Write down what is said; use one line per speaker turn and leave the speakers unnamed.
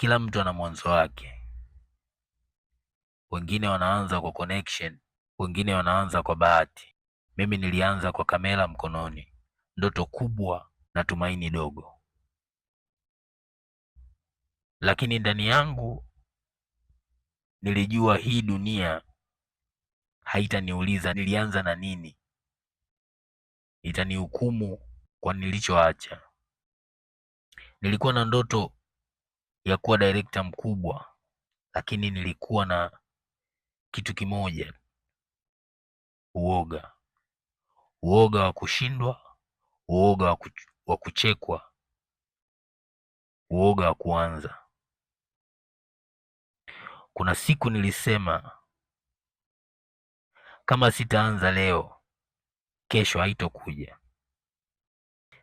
Kila mtu ana mwanzo wake. Wengine wanaanza kwa connection, wengine wanaanza kwa bahati. Mimi nilianza kwa kamera mkononi, ndoto kubwa na tumaini dogo, lakini ndani yangu nilijua hii dunia haitaniuliza nilianza na nini, itanihukumu kwa nilichoacha. Nilikuwa na ndoto ya kuwa director mkubwa, lakini nilikuwa na kitu kimoja, uoga, uoga wa kushindwa, uoga wa kuchekwa, uoga wa kuanza. Kuna siku nilisema kama sitaanza leo, kesho haitokuja.